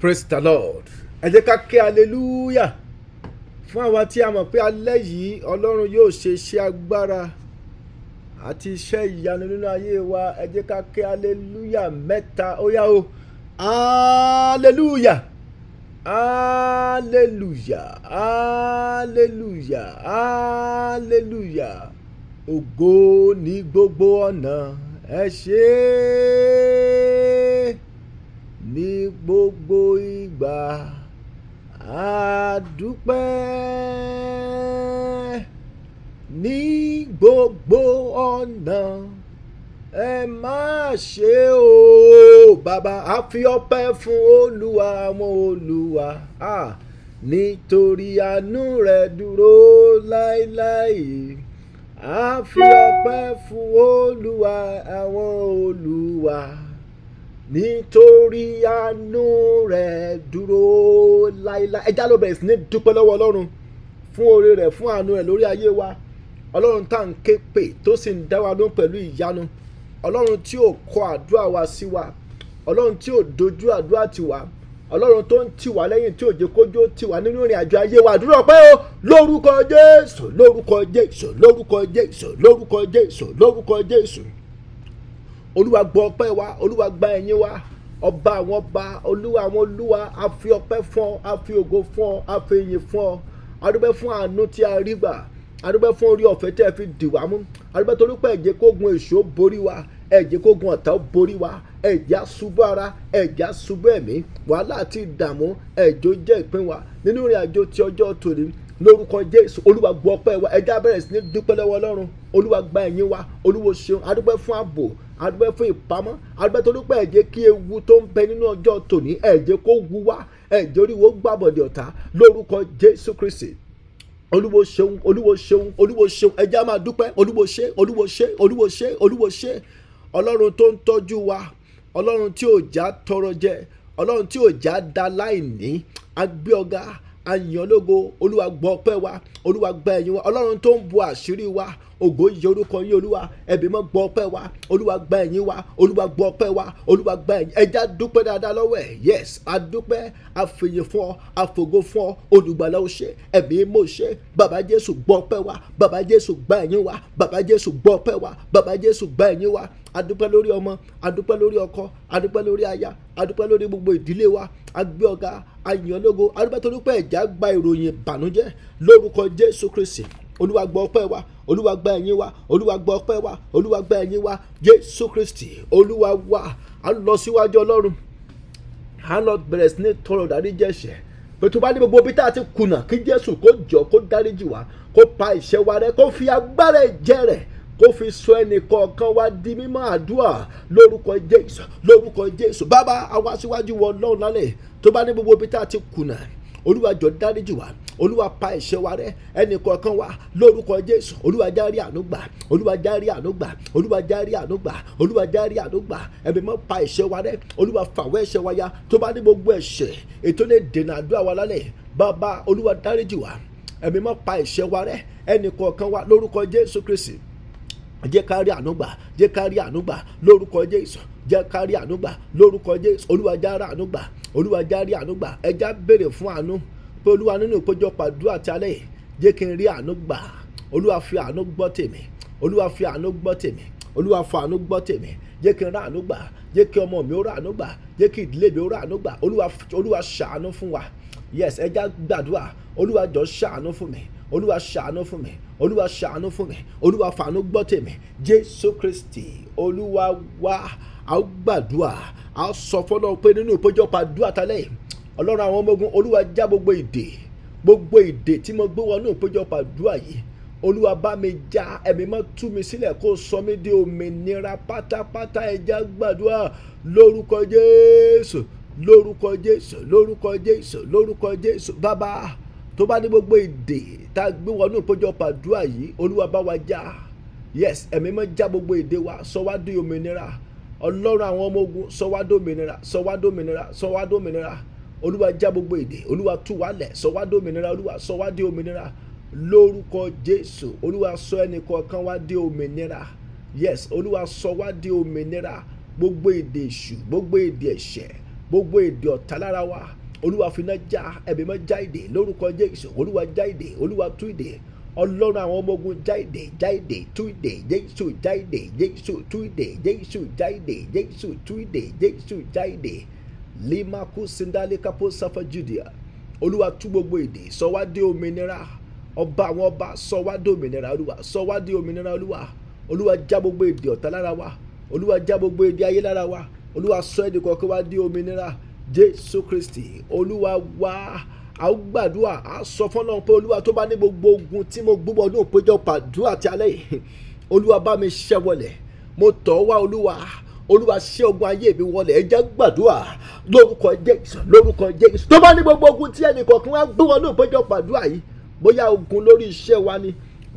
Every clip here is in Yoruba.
praise the lord ẹ jẹ́ ká ké hallelujah fún àwa tí a mọ̀ pé alẹ́ yìí ọlọ́run yóò ṣe iṣẹ́ agbára àti iṣẹ́ ìyanu nínú ayé wa ẹ jẹ́ ká ké hallelujah mẹ́ta ó yá o hallelujah hallelujah hallelujah hallelujah ògo ní gbogbo ọ̀nà ẹ ṣé ní gbogbo ìgbà a dúpẹ́ ní gbogbo ọ̀nà ẹ má ṣe o bàbá a fi ọpẹ́ fún olúwa àwọn olúwa ah, nítorí àánú rẹ̀ dúró láéláé a fi ọpẹ́ fún olúwa àwọn olúwa nítorí àánú rẹ̀ dúró láéláé ẹja ló bẹ̀rẹ̀ sí ní dúpẹ́ lọ́wọ́ ọlọ́run fún oore rẹ̀ fún àánú rẹ̀ lórí ayé wa ọlọ́run tá à ń ké pè tó sì ń dá wa lóhùn pẹ̀lú ìyanu ọlọ́run tí ò kọ àdúrà wa sí wa ọlọ́run tí ò dojú àdúrà tiwa ọlọ́run tó ń tì wá lẹ́yìn tí òjò kójó tì wá nínú ìrìn àjò ayé wa àdúrà pé o lórúkọ jésù lórúkọ jésù lórúkọ jésù lórúkọ jésù lórúkọ jésù olúwa gbọ́ ọpẹ́ wa olúwa gba ẹ̀yìn wa ọba àwọn ọba olúwa àwọn olúwa a fi ọpẹ́ fún ọ a fi ògo fún ọ a fi ìyìn fún ọ adúpẹ́ fún àánú tí a rí gbà adúpẹ́ fún orí ọ̀fẹ́ tẹ́ fi dì wá mú adúpẹ́ torí pé kógun èso borí wa ẹ jẹ́ kógun ọ̀tá borí wa ẹ jẹ́ àṣubú ara ẹ jẹ́ àṣubú ẹ̀mí wàhálà àti ìdààmú ẹ̀jọ́ jẹ́ ìpín wa nínú ìrìn àjò ti ọjọ́ tòní lórúkọ jésù olúwa gbọ́ ọpẹ́ wa ẹja bẹ̀rẹ̀ sí ní dúpẹ́ lọ́wọ́ ọlọ́run olúwa gba ẹ̀yìn wa olúwo ṣeun adúpẹ́ fún ààbò adúpẹ́ fún ìpamọ́ adúpẹ́ tó dúpẹ́ ẹ̀jẹ̀ kí ewu tó ń bẹ nínú ọjọ́ tòní ẹ̀jẹ̀ kó wu wá ẹ̀jẹ̀ oríwo gbàbọ̀dẹ̀ ọ̀tá lórúkọ jésù kristi olúwo ṣeun olúwo ṣeun olúwo ṣeun ẹja máa dúpẹ́ olúwo ṣe olúwo ṣe olúwo ṣe olúwo ṣe ọlọ́run tó ń tọ́jú wa ọlọ́run tí ò já tọrọ jẹ ọlọ́run tí ò já da láìní agbé ọ̀gá àyàn olúwa gbọ́ ọpẹ́ wa olúwa gba ẹ̀yìn wa ọlọ́run tó ń bu àṣírí wa ògo yìí orúkọ yín olúwa ẹ̀bí mọ́ gbọ́ ọpẹ́ wa olúwa gba ẹ̀yìn wa olúwa gbọ́ ọpẹ́ wa olúwa gba ẹ̀yìn ẹja dúpẹ́ dáadáa lọ́wọ́ ẹ̀ yes adúpẹ́ àfìyè fún ọ àfògo fún ọ olùgbàlà ó ṣe ẹ̀mí mò ṣe bàbá jésù gbọ́ ọpẹ́ wa bàbá jésù gba ẹ̀yìn wa bàbá jésù gbọ́ ọpẹ́ wa bàbá jésù gba ẹ̀yìn wa adúpẹ́ lórí ọmọ adúpẹ́ lórí ọkọ adúpẹ́ lórí aya adúpẹ́ lórí gbogbo ìdílé wa agbé ọ̀gá àyànlógo arúgbátorípẹ̀ ẹ̀já gba ìròyìn ìbànújẹ́ lórúkọ jésù kristi olúwa gbọ́ ọpẹ́ wa olúwa gba ẹ̀yìn wa olúwa gba ọpẹ́ wa olúwa gba ẹ̀yìn wa jésù kristi olúwa wa à ń lọ síwájú ọlọ́run à ń lọ bẹ̀rẹ̀ sí ní tọrọ ìdáríjì ẹ̀ṣẹ̀ pé bá ní gbogbo ibi ti kùnà kí jésù kó jọ kó dáríjì wa kó pa ìṣẹ́ wa rẹ́ kó fi agbára ẹ̀jẹ̀ rẹ̀ kó fi sọ ẹnìkọ̀ọ̀kan wá di mímọ́ àdúrà lórúkọ Jésù lórúkọ Jésù bàbá àwa síwájú wọ Ọlọ́run lálẹ́ tó bá ní gbogbo ibi tá a ti kùnà olúwa jọ dáríjì wá olúwa pa ẹ̀ṣẹ̀ wa rẹ́ ẹnì kọ̀ọ̀kan wa lórúkọ jésù olúwa járí àánú gbà olúwa járí àánú gbà olúwa járí àánú gbà olúwa járí àánú gbà ẹ̀mí mọ́ pa ẹ̀ṣẹ̀ wa rẹ́ olúwa fàwọ́ ẹ̀ṣẹ̀ wa ya tó bá ní gbogbo ẹ̀ṣẹ̀ ètò lè dènà àdúrà wa lálẹ́ bàbá olúwa dáríjì wá ẹ̀mí mọ́ pa ẹ̀ṣẹ̀ wa rẹ́ ẹnì kọ̀ọ̀kan lórúkọ jésù kristi jẹ́ ká rí àánú gbà jẹ́ ká rí àánú gbà lórúkọ Jésù jẹ́ ká rí àánú gbà lórúkọ Jésù Olúwa já rí àánú gbà Olúwa já rí àánú gbà ẹja béèrè fún àánú pé Olúwa nínú ìpéjọpọ̀ àdúrà ti alẹ́ yìí jẹ́ kí n rí àánú gbà Olúwa fi àánú gbọ́ tèmi Olúwa fi àánú gbọ́ tèmi Olúwa fa àánú gbọ́ tèmi jẹ́ kí n rí àánú jẹ́ kí ọmọ mi ó rí jẹ́ kí ìdílé mi ó rí Olúwa ṣàánú fún wa yes ẹja gbàdúrà Olúwa jọ ṣàánú fún mi olúwa ṣàánú fún mi olúwa ṣàánú fún mi olúwa fàánú gbọ́ tèmi jésù kristi olúwa wá a ó gbàdúrà a ó sọ fọlọ́ pé nínú ìpéjọpọ̀ àdúrà talẹ̀ ọlọ́run àwọn ọmọ ogun olúwa já gbogbo ìdè gbogbo ìdè tí mo gbé wọnú ìpéjọpọ̀ àdúrà yìí olúwa bá mi já ẹ̀mí mọ́ tú mi sílẹ̀ kó sọ mí di òmìnira pátápátá ẹja gbàdúrà lórúkọ jésù lórúkọ jésù lórúkọ jésù lórúkọ jésù bàbá tó bá ní gbogbo èdè tá a gbé wọnú ìpéjọpọ̀ àdúrà yìí olúwa bá wa já yes ẹ̀mí mọ́ já gbogbo èdè wa sọ wá di òmìnira ọlọ́run àwọn ọmọ ogun sọ wá di òmìnira sọ wá di òmìnira sọ wá di òmìnira olúwa já gbogbo èdè olúwa tú wa lẹ̀ sọ wá di òmìnira olúwa sọ wá di òmìnira lórúkọ jésù olúwa sọ ẹnìkọ̀ọ̀kan wá di òmìnira yes olúwa sọ wá di òmìnira gbogbo èdè èṣù gbogbo èdè ẹ̀ṣẹ̀ gbogbo èdè ọ̀tá lára wa olúwa finá já ẹ̀mí mọ́ já ìdè lórúkọ jésù olúwa já ìdè olúwa tú ìdè ọlọ́run àwọn ọmọ ogun já ìdè já ìdè tú ìdè jésù já ìdè jésù tú ìdè jésù já ìdè jésù tú ìdè jésù já ìdè limaku sindalikapo safa judea olúwa tú gbogbo ìdè sọ wá di òmìnira ọba àwọn ọba sọ wá di òmìnira olúwa sọ wá di òmìnira olúwa olúwa já gbogbo ìdè ọ̀tá lára wa olúwa já gbogbo ìdè ayé lára wa olúwa sọ ẹnì kọ̀ọ̀kan wá di òmìnira jésù kristi olúwa wa a ó gbàdúrà a sọ fọlọ́run pé olúwa tó bá ní gbogbo ogun tí mo gbúbọ̀ ní òpéjọ pàdúrà ti alẹ́ yìí olúwa bá mi ṣẹ́ wọlẹ̀ mo tọ̀ wá olúwa olúwa ṣẹ́ ogun ayé mi wọlẹ̀ ẹ jẹ́ gbàdúrà lórúkọ jésù lórúkọ jésù tó bá ní gbogbo ogun tí ẹnìkọ̀ọ̀kan wá gbúbọ̀ ní òpéjọ pàdúrà yìí bóyá ogun lórí iṣẹ́ wa ni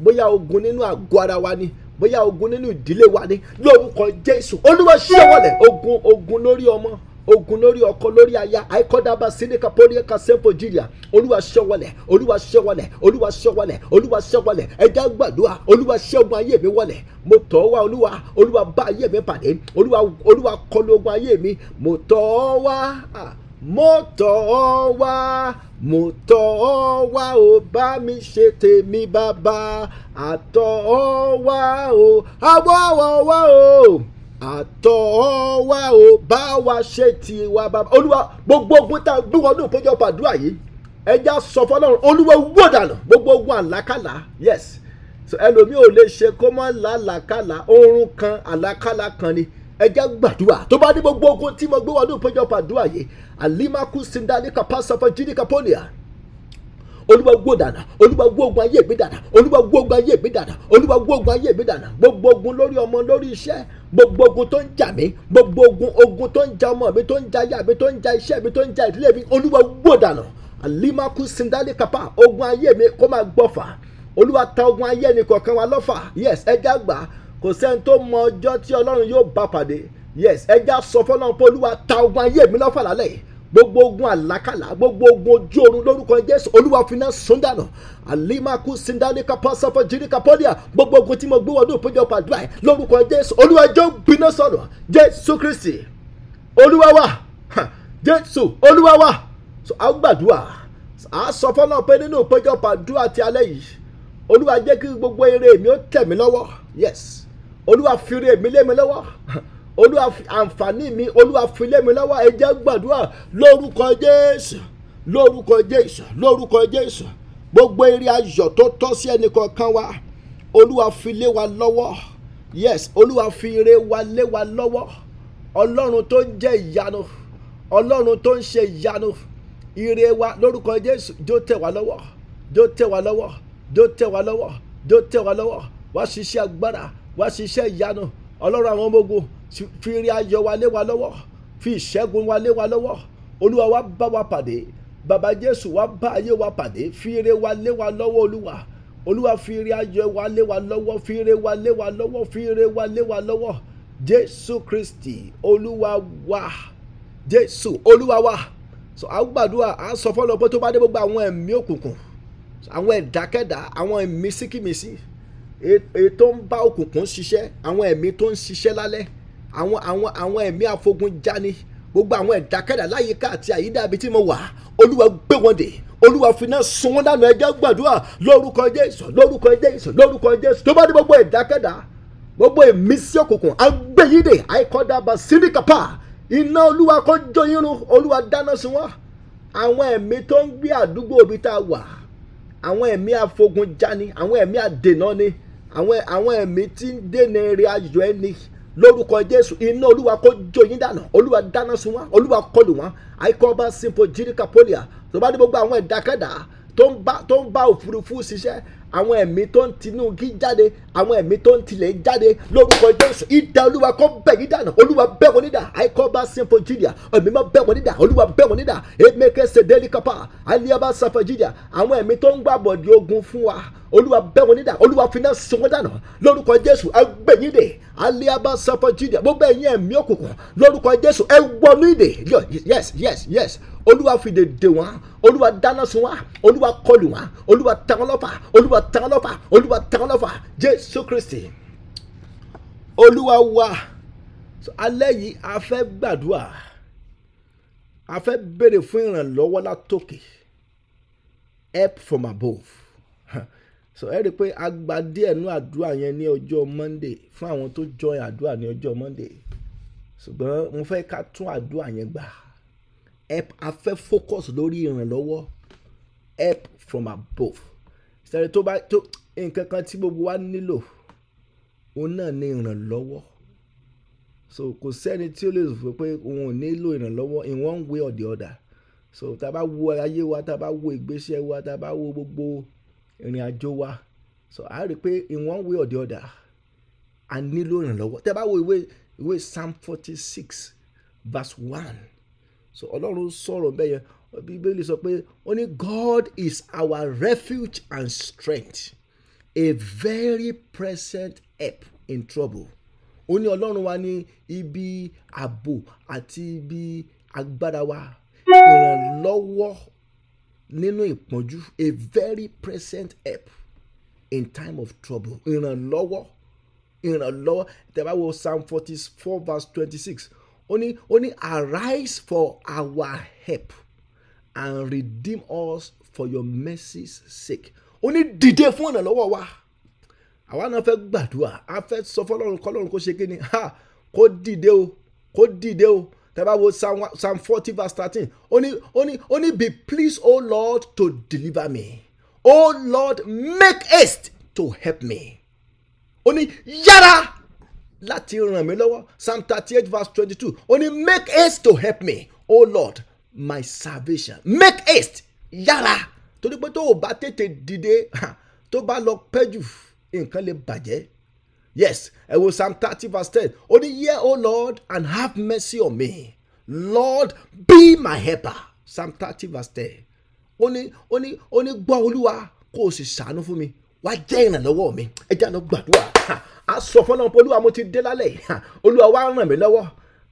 bóyá ogun nínú àgọ́ ara wa ni bóyá ogun nínú ìdílé wa ni lórúkọ jésù olúwa ṣẹ́ wọlẹ̀ ogun ogun lórí ọmọ ogun lórí ọkọ lórí aya àìkọ́dábà sídìkà pọ́nìyàkà sẹ́ńpọ̀ jìyà olúwa ṣẹ́wọlẹ̀ olúwa ṣẹ́wọlẹ̀ olúwa ṣẹ́wọlẹ̀ olúwa ṣẹ́wọlẹ̀ ẹja gbàdúrà olúwa ṣẹ́gun ayé mi wọlẹ̀ mo tọ́ wá olúwa olúwa bá ayé mi pàdé olúwa olúwa kọlu ogun ayé mi mo tọ́ wá mo tọ́ wa mo tọ́ wá o bá mi ṣe tèmi bàbá àtọ́ wá o àwọ̀ wá o wa o bá wa ṣe tiwa bàbá olúwa gbogbo ogun tá a gbé wọnú ìpéjọpọ̀ àdúrà yìí ẹja sọ fọlọ́run olúwa wó dànù gbogbo ogun àlákàlà yes so ẹlòmíì ò lè ṣe kó mọ́ làlàkàlà oorun kan àlákàlà kan ni ẹja gbàdúrà tó bá ní gbogbo ogun tí mo gbé wọnú ìpéjọpọ̀ àdúrà yìí alimaku sindani kapasa fún jídí olúwa wó dànù olúwa wó ogun ayé mi dànù olúwa wó ogun ayé mi dànù olúwa wó ogun ayé mi dànù gbogbo ogun lórí ọmọ lórí iṣẹ́ gbogbo ogun tó ń jà mí gbogbo ogun ogun tó ń ja ọmọ mi tó ń ja aya mi tó ń ja iṣẹ́ mi tó ń ja ìdílé mi olúwa wó dànù alimaku sindali kapa ogun ayé mi kó máa gbọ́fà olúwa ta ogun ayé ẹnì kọ̀ọ̀kan wa lọ́fà yes ẹja gbà kò sẹ́ni tó mọ ọjọ́ tí ọlọ́run yóò bá pàdé yes ẹja sọ fọlọ́run pé olúwa ta ogun ayé mi lọ́fà lálẹ́ yìí gbogbo ogun àlákàlà gbogbo ogun ojú oorun lórúkọ jésù olúwa finá sundana alimaku sindalika pasafo jirika polia gbogbo ogun tí mo gbé wọnú ìpéjọpọ̀ àdúrà ẹ lórúkọ jésù olúwa jọ gbiná sọ̀rọ̀ jésù kristi olúwa wa jésù olúwa wa a gbàdúrà a sọ fọlọ pé nínú ìpéjọpọ̀ àdúrà ti alẹ́ yìí olúwa jẹ́ kí gbogbo eré mi ó tẹ̀ mí lọ́wọ́ yes olúwa fi eré mi lé mi lọ́wọ́ olúwa àǹfààní mi olúwa filé mi lọ́wọ́ ẹ jẹ́ gbàdúrà lórúkọ jésù lórúkọ jésù lórúkọ jésù gbogbo eré ayọ̀ tó tọ́ sí ẹnì kọ̀ọ̀kan wa olúwa filé wa lọ́wọ́ yes olúwa fi ire wa lé wa lọ́wọ́ ọlọ́run tó ń jẹ́ ìyanu ọlọ́run tó ń ṣe ìyanu ire wa lórúkọ jésù jó tẹ̀ wá lọ́wọ́ jó tẹ̀ wá lọ́wọ́ jó tẹ̀ wá lọ́wọ́ jó tẹ̀ wá lọ́wọ́ wá ṣiṣẹ́ agbára wá ṣiṣẹ́ ìyanu ọlọ́run àwọn ọmọ ogun fi rí ayọ̀ wa lé wa lọ́wọ́ fi ìṣẹ́gun wa lé wa lọ́wọ́ olúwa wa bá wa pàdé bàbá jésù wa bá ayé wa pàdé fi ire wa lé wa lọ́wọ́ olúwa olúwa fi ire ayọ̀ wa lé wa lọ́wọ́ fi ire wa lé wa lọ́wọ́ fi ire wa lé wa lọ́wọ́ jésù kristi olúwa wa jésù olúwa wa so a gbàdúrà a sọ fọlọ pé tó bá dé gbogbo àwọn ẹ̀mí òkùnkùn àwọn ẹ̀dákẹ́dá àwọn ẹ̀mí síkìmísì èyí e- e tó ń bá òkùnkùn ṣiṣẹ́ àwọn ẹ̀mí tó ń ṣiṣẹ́ lálẹ́ àwọn àwọn àwọn ẹ̀mí àfogunjani gbogbo àwọn ẹ̀dákẹ́dà láyìíká àti àyídá ibi tí mo wà olúwa gbé wọn dè olúwa finá sun wọn dànù ẹjẹ gbàdúrà lórúkọ jésù lórúkọ jésù lórúkọ jésù tó bá dé gbogbo ẹ̀dákẹ́dà gbogbo ìmísí òkùnkùn agbẹ́yìndè àìkọ́dà basilikapa iná olúwa kọjọ irun olúwa dáná sun wọn àwọn ẹ̀mí tó ń gbé àdúgbò ibi tá a wà àwọn ẹ̀mí àfogunjani àwọn ẹ̀mí àdènà ni àwọn àwọn ẹ̀mí tí ń dènà eré ayọ̀ ẹni lórúkọ jésù iná olúwa kó jó yín dànù olúwa dáná sun wọn olúwa kọlù wọn àìkọ́ba simple jírika polia tó bá dé gbogbo àwọn ìdákẹ́dà tó ń bá tó ń bá òfurufú ṣiṣẹ́ àwọn ẹ̀mí tó ń tinú kí jáde àwọn ẹ̀mí tó ń tilẹ̀ jáde lórúkọ jésù idà olúwa kó bẹ̀ yín dànù olúwa bẹ̀ wọ́n nídà àìkọ́ba sinfojidia ẹ̀mí má bẹ̀ wọ́n nídà olúwa bẹ̀ wọ́n nídà emeke sedelikapa aliaba sanfojidia àwọn ẹ̀mí tó ń gbàbọ̀dì olúwa bẹ́ wọn nídà olúwa finá sí wọn dànù lórúkọ jésù ẹgbẹ̀yìn dè aliaba sọfọ jíde gbogbo ẹ̀yìn ẹ̀mí òkùnkùn lórúkọ jésù ẹwọnú ìdè yes yes yes olúwa fi dè wọn olúwa dáná sun wọn olúwa kọlù wọn olúwa tàn án lọ́fà olúwa tàn án lọ́fà olúwa tàn án lọ́fà jésù kristi olúwa wa alẹ́ yìí a fẹ́ gbàdúrà a fẹ́ béèrè fún ìrànlọ́wọ́ látòkè help from above so ẹ rí i pé a gba díẹ̀ nú àdúrà yẹn ní ọjọ́ monday fún àwọn tó join àdúrà ní ọjọ́ monday ṣùgbọ́n mo fẹ́ ká tún àdúrà yẹn gbà a fẹ́ focus lórí ìrànlọ́wọ́ help from above ṣẹlẹ̀ tó bá tó nǹkan kan tí gbogbo wa nílò òun náà ni ìrànlọ́wọ́ so kò sẹ́ni tí ó lè sọ pé òun nílò ìrànlọ́wọ́ in one way or the other so tá a bá wo ayé wa tá a bá wo ìgbésẹ̀ wa tá a bá wo gbogbo ìrìn àjò wa so a rí i pé in one way or the other a nílò ìrànlọ́wọ́ tẹ́ bá wo ìwé ìwé psalm forty six verse one so ọlọ́run sọ̀rọ̀ bẹ́ẹ̀ yẹn bíbélì sọ pé ó ní God is our refuge and strength a very present help in trouble ó ní ọlọ́run wa ní ibi ààbò àti ibi agbára wa ìrànlọ́wọ́ nínú ìpọ́njú a very present help in time of trouble ìrànlọ́wọ́ ìrànlọ́wọ́ tẹ́lá wo psalm forty four verse twenty six ó ní ó ní arise for our help and redeem us for your mercy's sake ó ní dìde fún ìrànlọ́wọ́ wa àwa náà fẹ́ gbàdúrà a fẹ́ sọ fọlọ́run kọ́lọ́run kó ṣe kí ni ha kó dìde o kó dìde o tẹ́bá wo psalm forty verse thirteen ó ní ó ní ó ní be pleased o lord to deliver me o lord make haste to help me ó ní yára láti ràn mí lọ́wọ́ psalm thirty eight verse twenty two ó ní make haste to help me o lord my salvation make haste yára torí pé tó o bá tètè dìde tó bá lọ pẹ́ jù nǹkan lè bàjẹ́ Yes, it was Psalm 30, verse 10. Only hear, O Lord, and have mercy on me. Lord, be my helper. Psalm 30, verse 10. Only, only, only ní ó ní gbọ́ Olúwa kó o sì ṣàánú fún mi. Wá jẹ́ ìrànlọ́wọ́ mi. Ẹ jẹ́ àná gbàdúrà. A sọ fọ́nà Olúwa mo ti dé lálẹ́ yìí. Olúwa wá ràn mí lọ́wọ́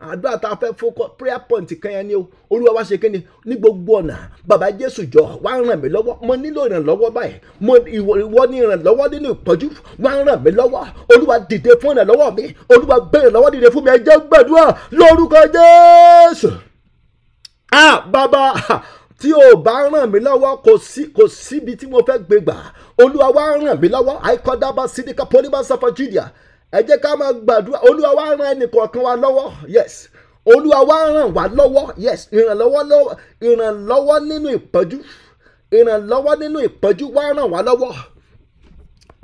àdúrà tá a fẹ́ fọkọ prayer point kan yẹn ni o olúwa wá ṣe kí ni ní gbogbo ọ̀nà bàbá jésù jọ wá ràn mí lọ́wọ́ mo nílò ìrànlọ́wọ́ báyìí mo ìwọ ní ìrànlọ́wọ́ nínú ìpọ́njú wá ràn mí lọ́wọ́ olúwa dìde fún ìrànlọ́wọ́ mi olúwa bẹ̀rẹ̀ lọ́wọ́ dìde fún mi ẹ jẹ́ gbàdúrà lórúkọ jésù ah bàbá tí o bá ràn mí lọ́wọ́ kò sí síbi tí mo fẹ́ gbégbà olúwa wá ràn mí lọ́wọ́ àìkọ́dá bá sídìkà pọ́nibà sáfà jùdíà ẹ jẹ́ ká máa gbàdúrà olúwa wá ràn ẹnìkọ̀ọ̀kan wa lọ́wọ́ yes olúwa wá ràn wá lọ́wọ́ yes ìrànlọ́wọ́ ìrànlọ́wọ́ nínú ìpọ́njú ìrànlọ́wọ́ nínú ìpọ́njú wá ràn wá lọ́wọ́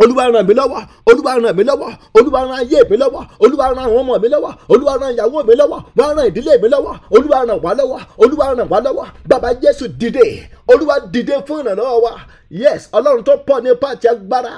olúwa ràn mí lọ́wọ́ olúwa ràn mí lọ́wọ́ olúwa ràn ayé mi lọ́wọ́ olúwa ràn àwọn ọmọ mi lọ́wọ́ olúwa ràn ìyàwó mi lọ́wọ́ wá ràn ìdílé mi lọ́wọ́ olúwa ràn wá lọ́wọ́ olúwa ràn wá lọ́wọ́ bàbá jésù dìde olúwa dìde fún ìrànlọ́wọ́ wa yes ọlọ́run tó pọ̀ ní pàtì agbára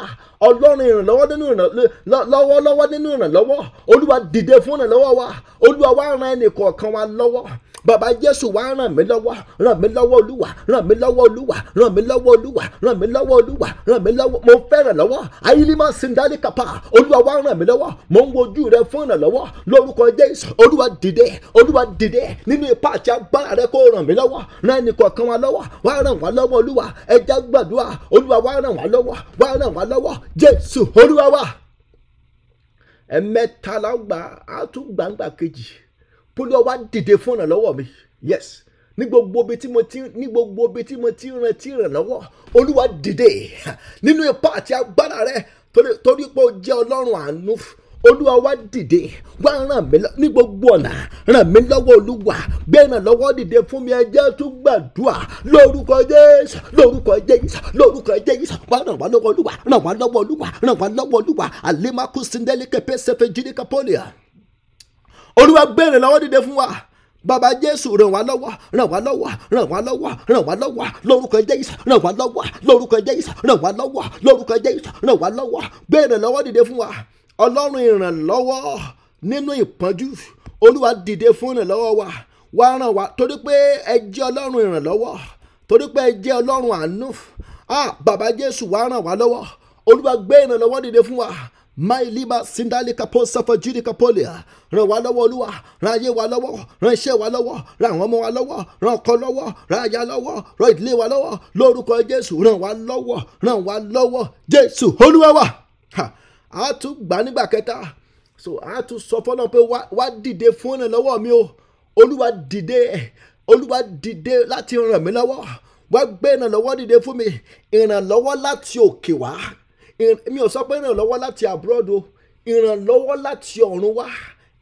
ọlọ́run ìrànlọ́wọ́ nínú ìrànlọ́wọ́ nínú ìrànlọ́wọ́ olúwa dìde fún ìrànlọ́wọ́ wa olúwa wá ràn ẹnì kọ̀ọ̀kan wa lọ́wọ́ bàbá jésù wá ràn mí lọ́wọ́ ràn mí lọ́wọ́ olúwa ràn mí lọ́wọ́ olúwa ràn mí lọ́wọ́ olúwa ràn mí lọ́wọ́ olúwa ràn mí lọ́wọ́ mo fẹ́ràn lọ́wọ́ ayélujára sindali kapa olúwa wá ràn mí lọ́wọ́ mo ń wojú rẹ fún ìrànlọ́wọ́ lórúkọ jésù olúwa dìde olúwa dìde nínú ipa àti agbára rẹ kó ràn mí lọ́wọ́ ràn ẹnì kọ̀ọ̀kan wa lọ́wọ́ wá ràn wá lọ́wọ́ olúwa ẹ gbàdúrà olúwa wá ràn wá lọ́wọ́ wa ẹ̀mẹ́ta la gbà á tún gbàǹgbà kólúwa wá dìde fún ìrànlọ́wọ́ mi yes ní gbogbo ibi tí mo ti ní gbogbo ibi tí mo ti rántí ìrànlọ́wọ́ olúwa dìde nínú ipá àti agbára rẹ torí pé o jẹ́ ọlọ́run àánú olúwa wá dìde wá ràn mí lọ ní gbogbo ọ̀nà ràn mí lọ́wọ́ olúwa gbé ràn lọ́wọ́ dìde fún mi ẹjẹ́ tún gbàdúrà lórúkọ jésù lórúkọ jésù lórúkọ jésù wá ràn wá lọ́wọ́ olúwa ràn wá lọ́wọ́ olúwa ràn wá lọ́wọ́ olúwa àlèmàkú síndẹ́lì olúwa gbèrè lọ́wọ́ dìde fún wa bàbá jésù ràn wá lọ́wọ́ ràn wá lọ́wọ́ ràn wá lọ́wọ́ ràn wá lọ́wọ́ lórúkọ jésù ràn wá lọ́wọ́ lórúkọ jésù ràn wá lọ́wọ́ lórúkọ jésù ràn wá lọ́wọ́ gbèrè lọ́wọ́ dìde fún wa ọlọ́run ìrànlọ́wọ́ nínú ìpọ́njú olúwa dìde fún ìrànlọ́wọ́ wa wá ràn wá torí pé ẹ ọlọ́run ìrànlọ́wọ́ torí pé ẹ ọlọ́run àánú ah Baba jésù wá ràn wá lọ́wọ́ olúwa gbé ìrànlọ́wọ́ dìde fún wa máìlímà síndálì kapó sáfọjúrì kapólìà ràn wá lọ́wọ́ olúwa ràn ayé wa lọ́wọ́ ràn iṣẹ́ wa lọ́wọ́ ràn àwọn ọmọ wa lọ́wọ́ ràn ọkọ lọ́wọ́ ràn aya lọ́wọ́ ràn ìdílé wa lọ́wọ́ lórúkọ jésù ràn wá lọ́wọ́ ràn wá lọ́wọ́ jésù olúwa wa a tún gbà nígbà kẹta so a tún sọ fọlọ pé wá dìde fún ìrànlọ́wọ́ mi o olúwa dìde olúwa dìde láti ràn mí lọ́wọ́ wá gbé ìrànlọ́wọ́ dìde fún mi ìrànlọ́wọ́ láti òkè wá mi ò sọ pé ìrànlọ́wọ́ láti abroad o ìrànlọ́wọ́ láti ọ̀run wá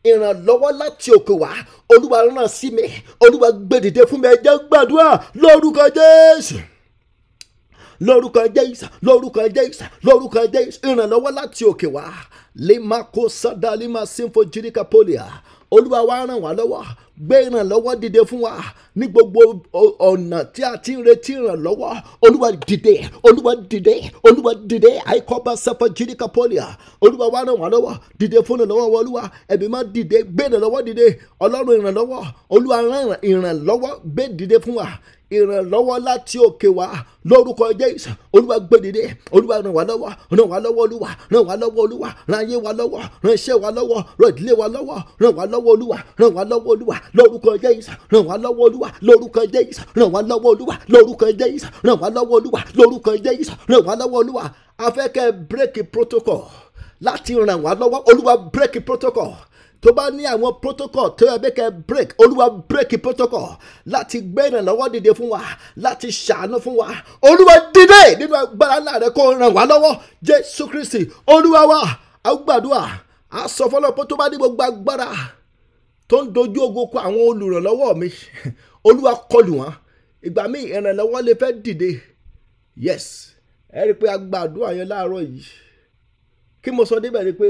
ìrànlọ́wọ́ láti òkè wá olúwa rán sí mi olúwa gbèdìde fún mi ẹ jẹ́ gbàdúrà lórúkọ jésù lórúkọ jésù lórúkọ jésù lórúkọ jésù ìrànlọ́wọ́ láti òkè wá lè má kó sádà lè má sínfò jíríkà pólíà olúwa wa ràn wá lọ́wọ́ gbé ìrànlọ́wọ́ dìde fún wa ní gbogbo ọ̀nà tí a ti ń retí ìrànlọ́wọ́ olúwa dìde olúwa dìde olúwa dìde àìkọ́ba sẹ́fọ̀ jírika pọ́lìà olúwa wa ràn wá lọ́wọ́ dìde fún ìrànlọ́wọ́ wa olúwa ẹ̀mí máa dìde gbé ìrànlọ́wọ́ dìde ọlọ́run ìrànlọ́wọ́ olúwa ràn ìrànlọ́wọ́ gbé dìde fún wa ìrànlọ́wọ́ láti òkè wá lórúkọ jésù olúwa gbèdéde olúwa ràn wá lọ́wọ́ ràn wá lọ́wọ́ olúwa ràn wá lọ́wọ́ olúwa ràn ayé wa lọ́wọ́ ràn iṣẹ́ wa lọ́wọ́ ràn ìdílé wa lọ́wọ́ ràn wá lọ́wọ́ olúwa ràn wá lọ́wọ́ olúwa lórúkọ jésù ràn wá lọ́wọ́ olúwa lórúkọ jésù ràn wá lọ́wọ́ olúwa lórúkọ jésù ràn wá lọ́wọ́ olúwa lórúkọ jésù ràn wá lọ́wọ́ olúwa afẹ́kẹ́ break protocol láti ràn wá lọ́wọ́ olúwa break protocol tó bá ní àwọn protocol tó yẹ bẹ́ẹ̀ kẹ́ break olúwa break protocol láti gbé ìrànlọ́wọ́ dìde fún wa láti ṣàánú fún wa olúwa dìde nínú agbára ńlá rẹ kó ràn wá lọ́wọ́ jésù kristi olúwa wa a gbàdúrà a sọ fọlọ́pọ̀ tó bá ní gbogbo agbára tó ń dojú ogun kọ àwọn olùrànlọ́wọ́ mi olúwa kọlù wọn ìgbà míì ìrànlọ́wọ́ lè fẹ́ dìde yes ẹ rí i pé a gbàdúrà yẹn láàárọ̀ yìí kí mo sọ débẹ̀ ni pé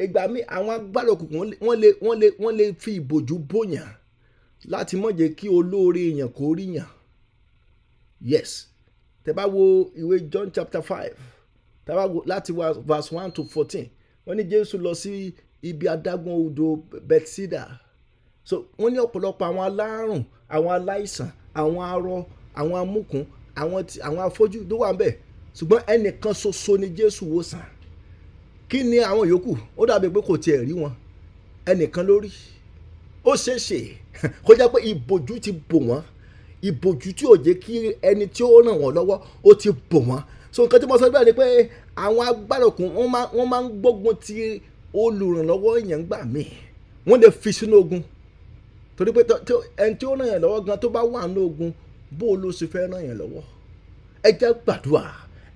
ìgbà mi àwọn agbára òkùnkùn wọ́n lè wọ́n lè wọ́n lè fi ìbòjú bòyàn láti má jẹ́ kí olóore èèyàn kó rí yàn yes tẹ́ bá wo ìwé John chapter five tẹ́ bá wo láti verse one to fourteen wọ́n ní Jésù lọ sí ibi adágún odò Bethesda so wọ́n ní ọ̀pọ̀lọpọ̀ àwọn alárùn àwọn aláìsàn àwọn arọ àwọn amúkùn àwọn afọ́jú tó wà ń bẹ̀ ṣùgbọ́n ẹnìkan ṣoṣo ni Jésù wò sàn kí ni àwọn yòókù ó dàbí pé kò tiẹ̀ rí wọn ẹnìkan ló rí ó ṣeé ṣe kó jẹ́ pé ìbòjú ti bò wọ́n ìbòjú tí ò jẹ́ kí ẹni tí ó ràn wọ́n lọ́wọ́ ó ti bò wọ́n so nǹkan tí mo sọ bẹ́ẹ̀ ni pé àwọn agbárokùn wọ́n máa ń gbógun ti olùrànlọ́wọ́ èèyàn gbà mí wọ́n lè fi sínú ogun torí pé ẹni tí ó ràn yàn lọ́wọ́ gan tó bá wà ní ogun bó o ló ṣe fẹ́ ràn yàn lọ́wọ́ ẹ jẹ́ gbàdúrà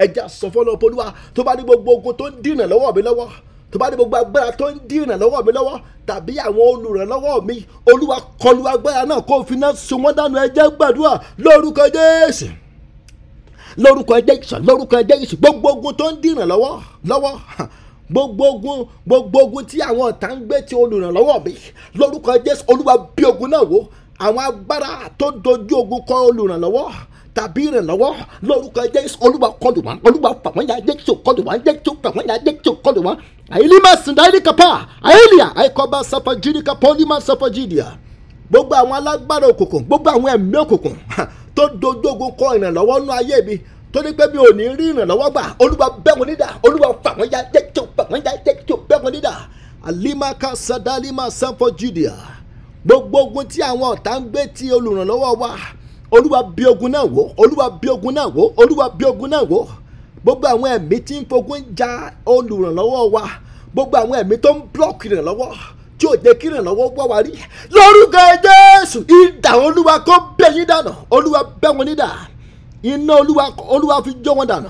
ẹja sọ fọlọ́ polúwa tó bá ní gbogbo ogun tó ń dìrìnà lọ́wọ́ mi lọ́wọ́ tó bá ní gbogbo agbára tó ń dí ìrànlọ́wọ́ mi lọ́wọ́ tàbí àwọn olùrànlọ́wọ́ mi olúwa kọlù agbára náà kó fi náà sun wọ́n dànù ẹ jẹ́ gbàdúrà lórúkọ jésù lórúkọ jésù lórúkọ jésù gbogbo ogun tó ń dí ìrànlọ́wọ́ lọ́wọ́ gbogbo ogun gbogbo ogun tí àwọn ọ̀tá ń gbé ti olùrànlọ́wọ́ mi lórúkọ jésù olúwa bí ogun náà wò àwọn agbára tó dojú ogun kọ olùrànlọ́wọ́ tàbí ìrànlọ́wọ́ lórúkọ jésù olúwa kọlù wọn olúwa fà wọn ya jésù kọlù wọn jésù fà wọn ya jésù kọlù wọn. àyílímà sìndáyìlì kapa àyílíà àyíkọ́ba sàfàjìdì kapa olímà sàfàjìdìà gbogbo àwọn alágbára òkùnkùn gbogbo àwọn ẹ̀mí òkùnkùn tó dojú ogun kọ ìrànlọ́wọ́ nú ayé mi tó ní pé mi ò ní rí ìrànlọ́wọ́ gbà olúwa bẹ́ wọn nídà olúwa fà wọn wa olúwa bí ogun náà wò olúwa bí ogun náà wò olúwa bí ogun náà wò gbogbo àwọn ẹ̀mí tí ń fogun ja olùrànlọ́wọ́ wa gbogbo àwọn ẹ̀mí tó ń blọ́ọ̀kì ìrànlọ́wọ́ tí ò jẹ́ kí ìrànlọ́wọ́ wá wa rí lórúkọ jésù ìdà olúwa kó bẹ́ yín dànù olúwa bẹ́ wọn nídà iná olúwa olúwa fi jó wọn dànù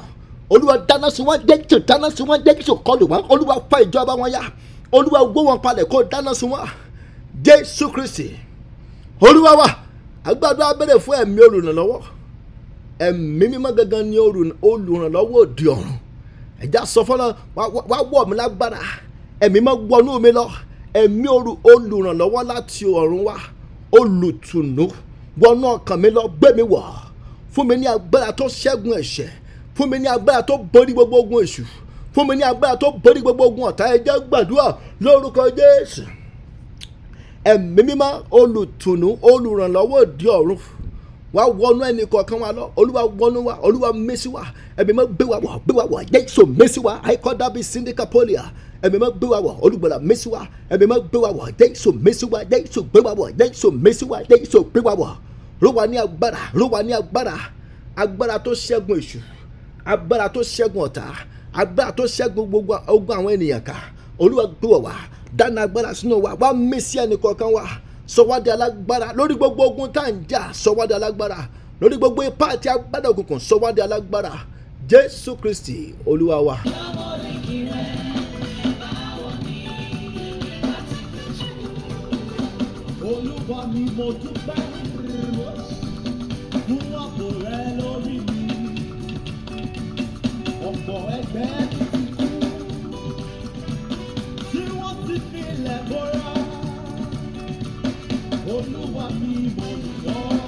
olúwa dáná sun wọn jẹ́kìtì dáná sun wọn jẹ́kìtì kọlù wọn olúwa fa ìjọba wọn ya olúwa wó wọn palẹ̀ kó dáná sun wọn jésù kristi olúwa wa agbádùn abẹ́rẹ́ fún ẹ̀mí olùrànlọ́wọ́ ẹ̀mí mímọ́ gangan ni olùrànlọ́wọ́ òdi ọ̀run ẹ̀já sọ fọlọ́ wá wọ̀ mí lágbára ẹ̀mí mọ́ gbọ́nú mi lọ ẹ̀mí olùrànlọ́wọ́ láti ọ̀run wa olùtùnú gbọ́nú ọkàn mi lọ gbé mi wọ̀ fún mi ní agbára tó ṣẹ́gun ẹ̀ṣẹ̀ fún mi ní agbára tó borí gbogbo ogun èṣù fún mi ní agbára tó borí gbogbo ogun ọ̀tá ẹ̀jẹ̀ gbàdúrà lórúkọ Jésù ẹ̀mí mímọ́ olùtùnú olùrànlọ́wọ́ òdi ọ̀run wá wọnú ẹnì kọ̀ọ̀kan wa lọ olúwa wọnú wa olúwa mẹ́sí wa ẹ̀mí mọ́ gbé wa wọ̀ gbé wa wọ̀ jésù mẹ́sí wa àìkọ́dá bíi síndíkàpọ́lìà ẹ̀mí mọ́ gbé wa wọ̀ olùgbàlà mẹ́sí wa ẹ̀mí mọ́ gbé wa wọ̀ jésù mẹ́sí wa jésù gbé wa wọ̀ jésù mẹ́sí wa jésù gbé wa wọ̀ ló wà ní agbára ló wà ní agbára agbára tó ṣẹ́gun èṣù agbára tó ṣẹ́gun ọ̀tá agbára tó ṣẹ́gun gbogbo ogun àwọn ènìyàn ká olúwa gbé wa wá dáná agbára sínú wa wá mẹ́sí ẹnìkọ̀ọ̀kan wa sọ wá di alágbára lórí gbogbo ogun tá à ń jà sọ wá di alágbára lórí gbogbo ipá àti agbádá òkùnkùn sọ alágbára jésù kristi olúwa wa. olúwa mi mo dúpẹ́ Deus não vai me mostrar.